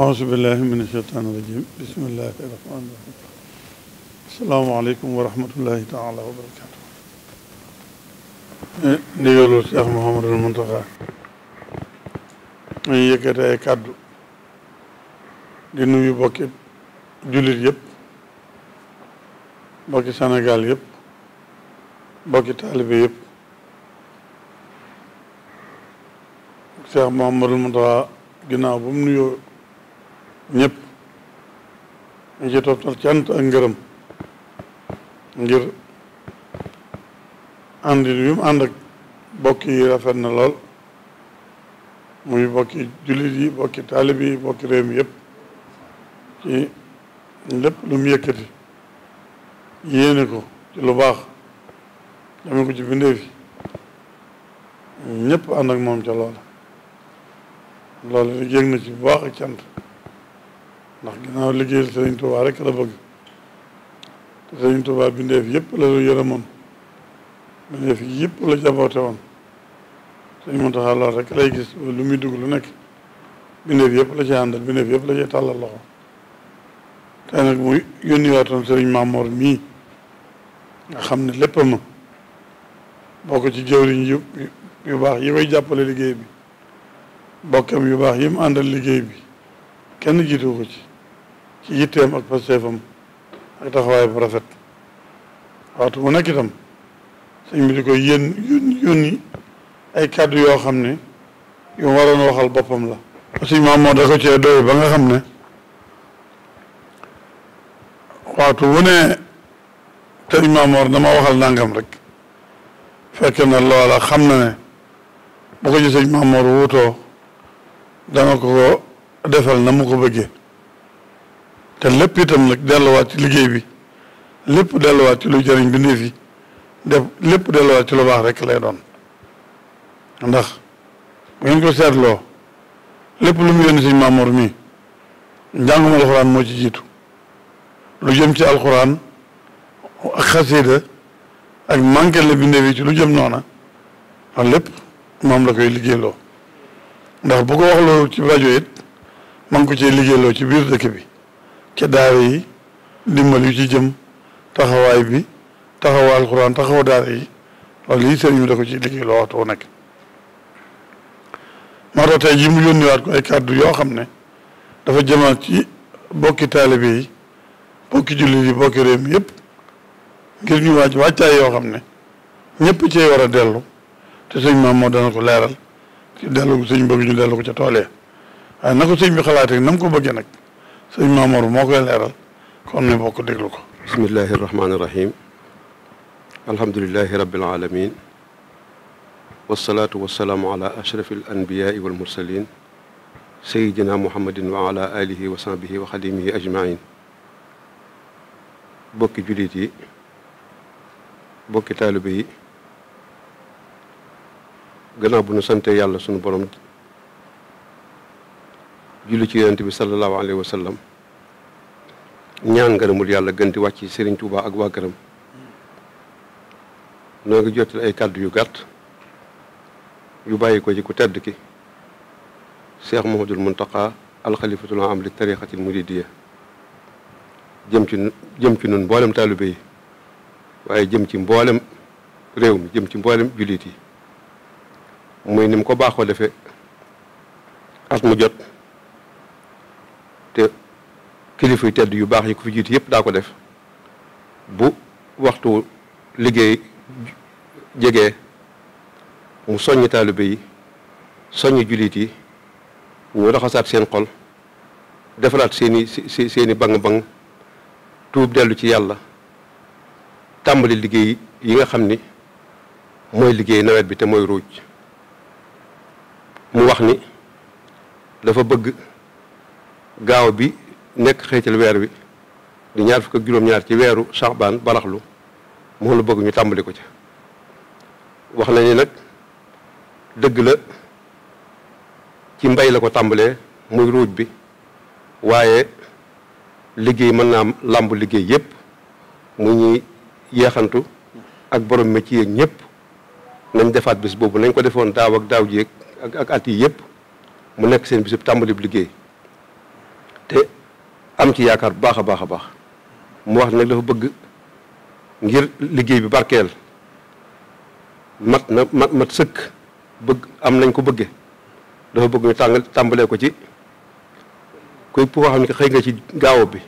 auzu billahi min asheytaan irajim bismillahi rahmaani rahim asalaamaaleykum wa rahmatullahi taala wa barakatu eh, ndigalul Cheikh Mouhamadul Muntaxa ñu yëkkate ay kàddu di nuyu bokki jullit yëpp bokki Sénégal yëpp bokki taalibe yëpp Cheikh Mouhamadul Muntaxa ginnaaw bu mu nuyoo ñëpp ñu ci toftal cant ak ngërëm ngir ànd yu mu ànd ak bokk yi rafet na lool muy bokki jullit yi bokki taalib yi bokki réew mi yëpp lépp lu mu yëkkati yéene ko ci lu baax dame ko ci bindee fi ñëpp ànd ak moom ca loola loolu yëg na ci bu baax ak cant ndax ginnaaw liggéeyal Sëriñ Tuubaa rek la bëgg te Sëriñ Tuubaa bindeef yëpp la lu yërëmoon bindeef yëpp la jaboote woon Sëriñ Muntaxa lool rek lay gis lu muy dugg lu nekk bindeef yëpp la ci àndal bindeef yëpp la ci tàllal loxo tey nag mu yónni waatoon Sëriñ Maamoor mii nga xam ne lépp ma bokk ci jëwriñ yu yu baax yi koy jàppale liggéey bi bokkam yu baax yi mu àndal liggéey bi kenn jiitu ko ci ci yitteem ak pasteefam ak taxawaay bu rafet waxtu mu nekk itam sëñ bi di ko yén yónni ay kàddu yoo xam ne yu waroon waxal boppam la sëñ maam da ko cee doy ba nga xam ne waxtu wu ne sëñ Maamoor dama waxal nangam rek fekk na loola xam na ne bu ko ci sëñ Maamoor wuutoo dana ko defal na mu ko bëggee te lépp itam nag dellowaat ci liggéey bi lépp delluwaat ci lu jëriñ bindee fi def lépp delluwaat ci lu baax rek lay doon ndax bu ngeen ko seetloo lépp lu mu yónni sëñ Maamoor mii njàngum alxuraan moo ci jiitu lu jëm ci alxuraan ak xasida ak manqué la bindee fi ci lu jëm noona wax lépp moom la koy liggéeyloo ndax bu ko waxloo ci rajo it ma ngi ko cee liggéeyloo ci biir dëkk bi ca daara yi ndimbal yu ci jëm taxawaay bi taxaw alxuraan taxaw daara yi loolu yi sëriñ bi de ko ci liggéey loo waxtu nekk moo tax tey ji mu yónniwaat ko ay kàddu yoo xam ne dafa jëmaat ci bokki taalibe yi bokki jullit yi bokki réew mi yëpp ngir ñu waaj wàccaay yoo xam ne ñëpp cee war a dellu te sëñ maam moo dana ko leeral ci dellu sëñ bëgg ñu dellu ko ca tool ya waaye na ko sëñ bi xalaatee na mu ko bëggee nag sëñ Maamoor moo koy leeral kon ñu bokk déglu ko bismillahi irrahmani irrahim alhamdulilahi rabbil alamin wasalaatu wasalaamu ala ashrafi al anbiyaai wal mursalin sayidina muhammadin wa ala alihi wa sahbihi wa xadimihi ajmain bokki jullit yi bokki taalibe yi gannaaw bu ñu sante yàlla sunu borom julli ci yonent bi sallallahu alayhi wa sallam ñaan ngërëmul yàlla gën di wàcc ci Serigne Touba ak waa këram noo ay kàddu yu gàtt yu bàyyi ko ci ku tedd ki Cheikh Mouhamadoul Mountakha alxalifatul am li tariqatil muridiyya jëm ci jëm ci nun mboolem taalibe yi waaye jëm ci mboolem réew mi jëm ci mboolem jullit yi muy ni mu ko baaxoo defee at mu jot te kilifa tedd yu baax yi ko fi jiitu yëpp daa ko def bu waxtu liggéey jege mu soññi taalibe yi soññi jullit yi ñu raxasaat seen xol defaraat seeni i seeni bang-bang tuub dellu ci yàlla tàmbali liggéey yi nga xam ni mooy liggéey nawet bi te mooy ruuj mu wax ni dafa bëgg gaaw bi nekk xeecal weer wi di ñaar fukk ak juróom-ñaar ci weeru saxbaan baraxlu moom la bëgg ñu tàmbali ko ca wax na ni nag dëgg la ci mbay la ko tàmbalee muy ruuj bi waaye liggéey mën naa làmb liggéey yépp mu ñuy yeexantu ak borom métier yeeg ñëpp nañ defaat bis boobu nañ ko defoon daaw ak daaw jéeg ak ak at yi yépp mu nekk seen bisub tàmbalib liggéey te am ci yaakaar bu baax a baax a baax mu wax nag dafa bëgg ngir liggéey bi barkeel mat na mat mat sëkk bëgg am nañ ko bëgge dafa bëgg ñu tàng tàmbalee ko ci kuy koo xam ne xëy nga ci gaawo bi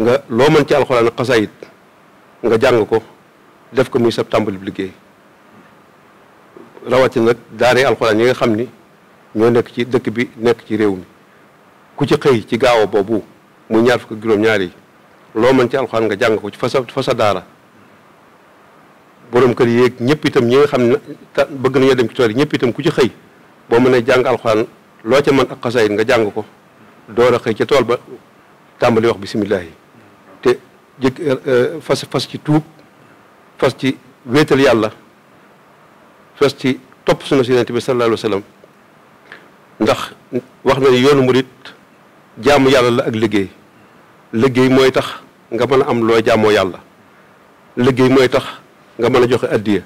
nga loo mën ci alxuraan ak xasaayit nga jàng ko def ko muy sab tàmbali bi liggéey rawatina nag daaree alxuraan yi nga xam ni ñoo nekk ci dëkk bi nekk ci réew mi ku ci xëy ci gaaw boobu mu ñaar fukk juróom-ñaar yi loo mën ci alxuraan nga jàng ko ci fasa fasa daara borom kër yeeg ñëpp itam ñi nga xam ne bëgg nañoo dem ci tool yi ñëpp ku ci xëy boo mënee jàng alxuraan loo ca mën ak xasaayit nga jàng ko door a xëy ca tool ba tàmbali wax bisimilah yi te euh, euh, fas fas ci tuub fas ci wéetal yàlla fas ci topp sunna si yonent bi sallallahu alayhi ndax wax na yoonu murit jaamu yàlla la ak liggéey liggéey mooy tax nga mën a am loo jaamoo yàlla liggéey mooy tax nga mën a joxe addiya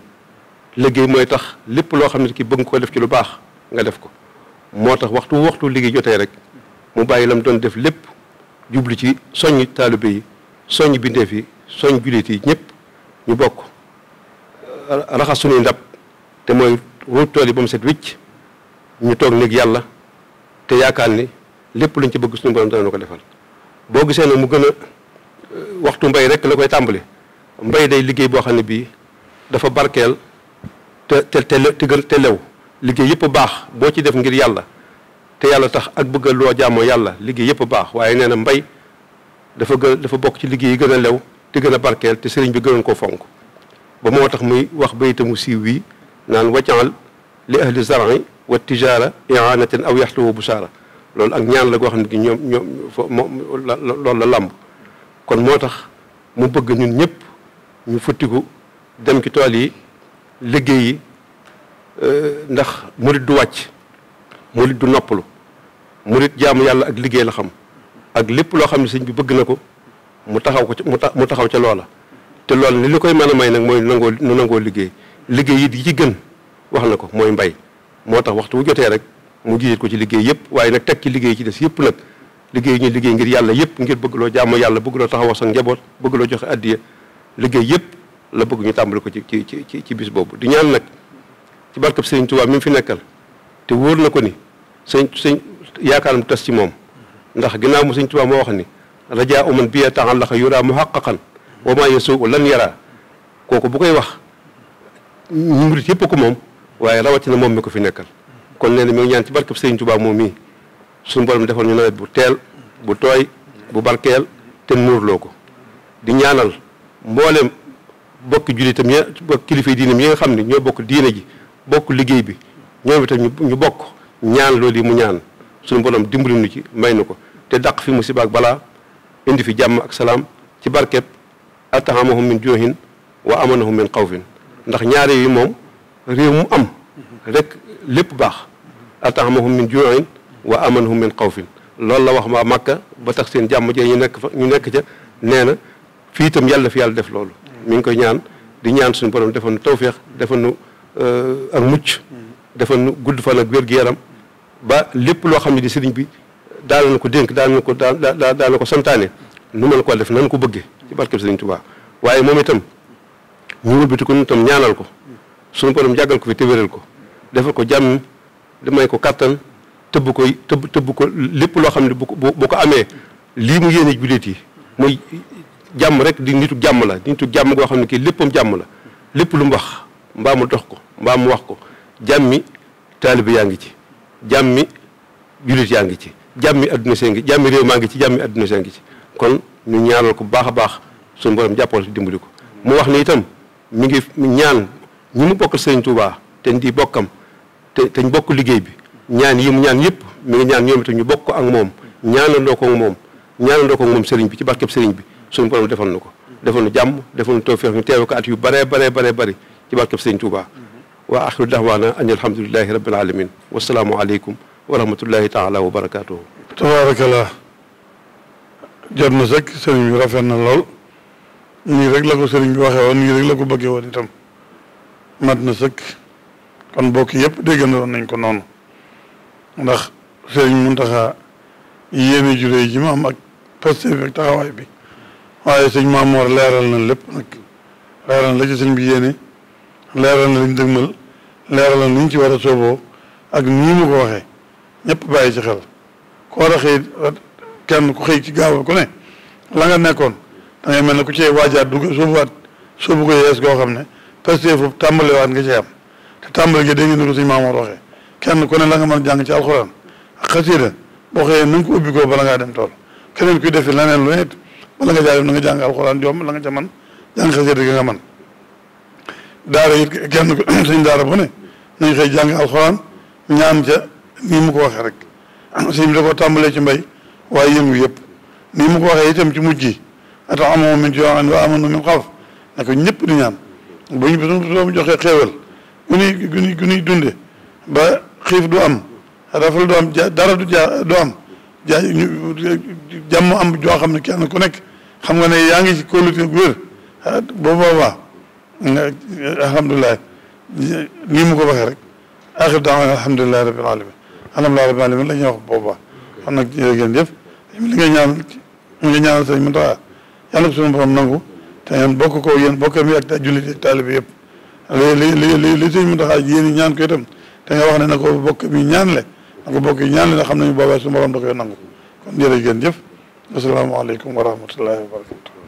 liggéey mooy tax lépp loo xam ne ki bëgg ko def ci lu baax nga def ko moo tax waxtu waxtu liggéey jotee rek mu bàyyi lam doon def lépp jublu ci soññ taalibe yi soññ bindeef yi soññ jullit yi ñëpp ñu bokk raxas suñuy ndab te mooy ruuj tool yi ba mu set wicc ñu toog néeg yàlla te yaakaar ni lépp luñ ci bëgg suñu borom dana ko defal boo gisee ne mu gën euh, waxtu mbay rek la koy tàmbali mbay day liggéey boo xam ne bii dafa barkeel te te te gën te lew liggéey yëpp baax boo ci def ngir yàlla te yàlla tax ak bëgg loo jaamoo yàlla liggéey yëpp baax waaye nee na mbay dafa gën dafa bokk ci liggéey yi gën a lew te gën a barkeel te sëriñ bi gënoon koo fonk ba moo tax muy wax mu siiw wii naan wajaal li ahli zarai wa tijaara iaanatan aw yaxluwu loolu ak ñaan la goo xam ne gi ñoom ñoom moom loolu la làmb kon moo tax mu bëgg ñun ñëpp ñu futtiku dem ci tool yi liggéey yi euh, ndax murit du wàcc murit du noppalu murit jaamu yàlla ak liggéey la xam ak lépp loo xam ne sëñ bi bëgg na ko mu taxaw ko mu taxaw ca loola te lool li li koy mën a may nag mooy nangoo nu nangoo liggéey liggéey yi di ci gën wax na ko mooy mbay moo tax waxtu wu jotee rek mu jiite ko ci liggéey yëpp waaye nag teg ci liggéey ci des yëpp nag liggéey ñu liggéey ngir yàlla yëpp ngir bëgg loo jàmm yàlla bëgg loo taxawoo sa njaboot bëgg loo joxe addiya liggéey yëpp la bëgg ñu tàmbali ko ci ci ci ci bis boobu di ñaan nag ci barkab sëriñ Tuubaa mi fi nekkal te wóor na ko ni sëñ sëñ yaakaaram tas ci moom ndax ginnaaw mu sëñ Tuubaa moo wax ni rajaa uman bi taxan laxa yuraa muhaqqaqan wa maa yasuu lan yaraa kooku bu koy wax murit yëpp moom waaye rawatina moom mi ko fi nekkal kon nee na mi ngi ñaan ci barkeb Serigne Touba moom mii suñu borom defal ñu nawet bu teel bu tooy bu barkeel te muurloo ko di ñaanal mboolem bokki jullitam ya bokk kilifa yi diinam yi nga xam ne ñoo bokk diine ji bokk liggéey bi ñoom itam ñu bokk ñaan loolu yi mu ñaan suñu borom dimbali nu ci may nu ko te dàq fi mu ak balaa indi fi jàmm ak salaam ci barkeb atahamahum min joohin wa amanahum min xawfin ndax ñaare yi moom réew mu am rek lépp baax atamahum min juin wa amanhum min xawfin loolu la wax waa Makka ba tax seen jàmm jee ñu nekk fa ñu nekk ca nee na fii itam yàlla fi yàlla def loolu mi ngi koy ñaan di ñaan suñu borom defal nu tawféex defal nu euh, ak mucc defal nu gudd fan ak yaram ba lépp loo xam ne di sëriñ bi daal na ko dénk daal na ko daal daal na ko santaane nu mën koo def nan ko bëggee ci barkeb sëriñ Tuubaa waaye moom itam ñu wëlbati ko nu ñaanal ko suñu borom jàggal ko fi te ko defal ko jàmm di may ko kattan tëbb ko tëbb tëbb ko lépp loo xam ne bu ko bu ko amee lii mu yéene jullit yi muy jàmm rek di nitu jàmm la nitu jàmm goo xam ne kii léppam jàmm la lépp lu mu wax mbaa mu dox ko mbaa mu wax ko jàmmi taalibe yaa ngi ci jàmmi jullit yaa ngi ci jàmmi adduna see ngi jàmmi réew maa ngi ci jàmmi adduna see ngi ci kon ñu ñaanal ko baax a baax suñu borom jàppal si dimbali ko mu wax ni itam mu ngi ñaan ñi mu bokk Sëriñ Tuubaa te di bokkam te te bokk liggéey bi ñaan yi mu ñaan yëpp mi ñaan ñoom ñu bokk ak moom ñaanandoo ko ak moom ñaanandoo ko ak moom seriñ bi ci barkeb seriñ bi suñu borom defal na ko defal na jàmm defal na tawfeex ñu teewe ko at yu bare bare bare bëri ci barkeb sëriñ Touba wa axiru dahwaana an alhamdulilahi rabbil alamin wasalaamu aleykum wa rahmatullahi taala wa barakatuhu tabaarakallah jot na sëkk sëriñ rafet na lool nii rek la ko sëriñ bi waxee woon nii rek la ko bëggee woon itam mat na sëkk kon bokk yëpp déggandoon nañ ko noonu ndax sëriñ Muntaxa yéene juré ji ma am ak poste bi ak taxawaay bi waaye sëñ Maamoor leeral na lépp nag leeral bi yéene leeral na liñ dëgmal leeral na liñ ci war a sooboo ak nii mu ko waxee ñëpp bàyyi ci xel ku war a xëy kenn ku xëy ci gaaw ko ne la nga nekkoon da ngay mel ne ku cee waajaat du soobuwaat soobu ko yees goo xam ne poste foofu tàmbaliwaat nga cee am tàmbali gi dégg ngeen ko suñu maamoor waxee kenn ku ne la nga mën jàng ci alxuraan ak xasiida boo xëyee na nga ko ubbi ko bala ngaa dem tool keneen kuy defi leneen lu nga jaay na nga jàng alxuraan joom la nga ca man jàng xasiida gi nga man daara it kenn ku suñ daara bu ne nañ xëy jàng alxuraan ñaan mu ko waxee rek si bi da koo tàmbalee ci mbay waaye yëngu yëpp nii mu ko waxee itam ci mujj yi atax amoo min ci wa amanu min xawf ne ko ñëpp di ñaan bu ñu doom joxee xéewal gu nuy gu dunde ba xiif du am rafal du am ja dara du ja du am ja jàmm am joo xam ne kenn ku nekk xam nga ne yaa ngi ci kóolute gu wér ah, boo boobaa alhamdulilah nii mu ko waxee rek axir daawana alhamdulilahi rabbil alamin alhamdulilahi rabbil alamin la ñuy wax boobaa kon nag jërë ngeen jëf li nga ñaan li nga ñaanal sëñ Muntaxa yàlla ko suñu borom nangu te ngeen bokk ko yéen bokk mi ak jullit ak taalibe yëpp li li li li sëñ Muntaxa yéen ñaan ko itam te nga wax ne na ko bokk bi ñaan le na ko bokk yi ñaan le na xam nañu boobaa su borom da koy nangu kon jërë ngeen jëf asalaamaaleykum wa rahmatullahi wa barakatu